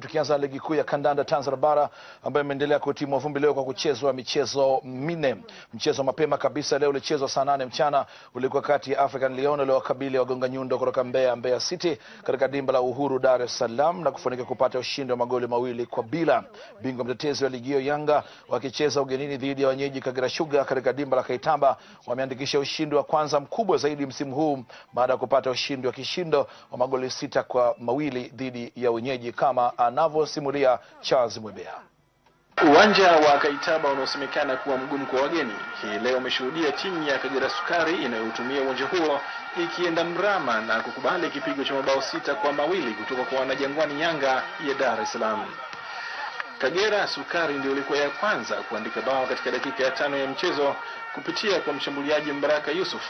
Tukianza na ligi kuu ya kandanda Tanzania bara ambayo imeendelea kutimua vumbi leo kwa kuchezwa michezo minne. Mchezo mapema kabisa leo ulichezwa saa nane mchana ulikuwa kati ya African Lion waliowakabili wagonga nyundo kutoka Mbeya, Mbeya City katika dimba la Uhuru, Dar es Salaam na kufanikiwa kupata ushindi wa magoli mawili kwa bila. Bingwa mtetezi wa ligi hiyo Yanga wakicheza ugenini dhidi ya wenyeji Kagera Sugar katika dimba la Kaitamba wameandikisha ushindi wa kwanza mkubwa zaidi msimu huu baada ya kupata ushindi wa kishindo wa magoli sita kwa mawili dhidi ya wenyeji kama anavyosimulia Charles Mwebea. Uwanja wa Kaitaba unaosemekana kuwa mgumu kwa wageni, hii leo umeshuhudia timu ya Kagera Sukari inayotumia uwanja huo ikienda mrama na kukubali kipigo cha mabao sita kwa mawili kutoka kwa wanajangwani Yanga ya Dar es Salaam. Kagera Sukari ndio ilikuwa ya kwanza kuandika bao katika dakika ya tano ya mchezo kupitia kwa mshambuliaji Mbaraka Yusuf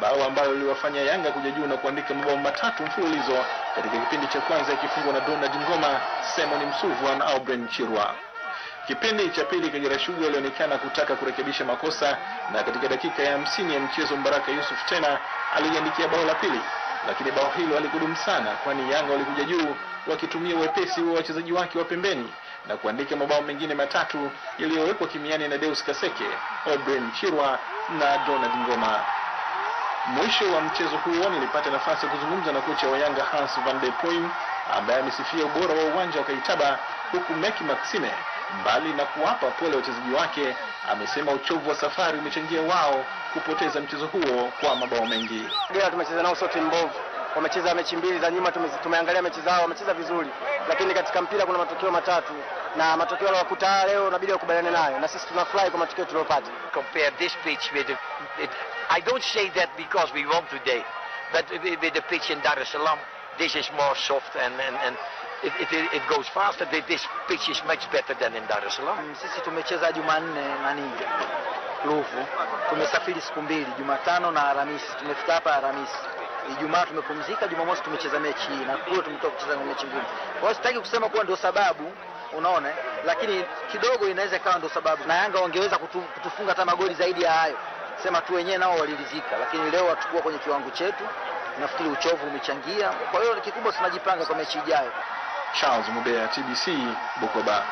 bao ambalo liliwafanya Yanga kuja juu na kuandika mabao matatu mfululizo katika kipindi cha kwanza ikifungwa na Donald Ngoma, Simon Msuva na Aubrey Chirwa. Kipindi cha pili Kagera Sugar alionekana kutaka kurekebisha makosa, na katika dakika ya hamsini ya mchezo Mbaraka Yusuf tena aliandikia bao la pili, lakini bao hilo alikudumu sana, kwani Yanga walikuja juu wakitumia uwepesi wa wachezaji wake wa pembeni na kuandika mabao mengine matatu yaliyowekwa kimiani na Deus Kaseke, Aubrey Chirwa na Donald Ngoma. Mwisho wa mchezo huo nilipata nafasi ya kuzungumza na kocha wa Yanga Hans van der Poel ambaye amesifia ubora wa uwanja wa Kaitaba, huku Meki Maxime mbali na kuwapa pole wachezaji wake, amesema uchovu wa safari umechangia wao kupoteza mchezo huo kwa mabao mengi. Tumecheza nao sote mbovu wamecheza mechi mbili za nyuma, tumeangalia mechi zao, wamecheza vizuri, lakini katika mpira kuna matokeo matatu na matokeo yaliyokuta leo inabidi wakubaliane nayo, na sisi tunafurahi kwa matokeo tuliyopata. Compare this pitch with it, I don't say that because we won today, but with the pitch in Dar es Salaam, this is more soft and, and, and It, it, it goes faster. This pitch is much better than in Dar es Salaam. Mm, sisi tumecheza Jumanne nani Ruvu, tumesafiri siku mbili, Jumatano na Alhamisi, tumefika hapa Alhamisi. Ijumaa tumepumzika, Jumamosi tumecheza mechi hii na kule tumetoka kucheza mechi ngumu. Kwa hiyo sitaki kusema kuwa ndio sababu, unaona, lakini kidogo inaweza ikawa ndio sababu, na Yanga wangeweza kutu, kutufunga hata magoli zaidi ya hayo. Sema tu wenyewe nao walilizika lakini leo watakuwa kwenye kiwango chetu. Nafikiri uchovu umechangia, kwa hiyo kikubwa tunajipanga kwa mechi ijayo. Charles Mubea, TBC Bukoba.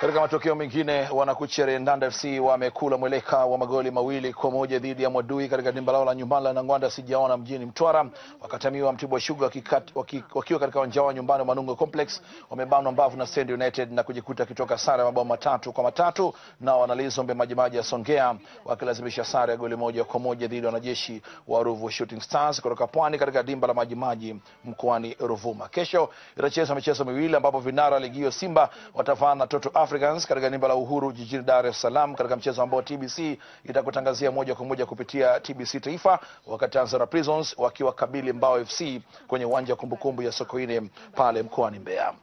Katika matokeo mengine, wanakuchere Ndanda FC wamekula mweleka wa magoli mawili kwa moja dhidi ya Mwadui katika dimba lao la nyumbani la Nangwanda sijaona mjini Mtwara. Wakatamiwa Mtibwa Sugar wakiwa katika uwanja wao nyumbani wa Manungo Complex wamebanwa mbavu na Stand United na kujikuta kitoka sare ya mabao matatu kwa matatu, na wanalizombe Majimaji ya Songea wakilazimisha sare ya goli moja kwa moja dhidi ya wanajeshi wa Ruvu Shooting Stars kutoka Pwani katika dimba la Majimaji mkoani Ruvuma. Kesho itachezwa michezo miwili ambapo vinara ligio Simba watafana na Toto Africans katika dimba la Uhuru jijini Dar es Salaam katika mchezo ambao TBC itakutangazia moja kwa moja kupitia TBC Taifa, wakati Tanzania Prisons wakiwakabili Mbao FC kwenye uwanja wa kumbukumbu ya Sokoine pale mkoani Mbeya.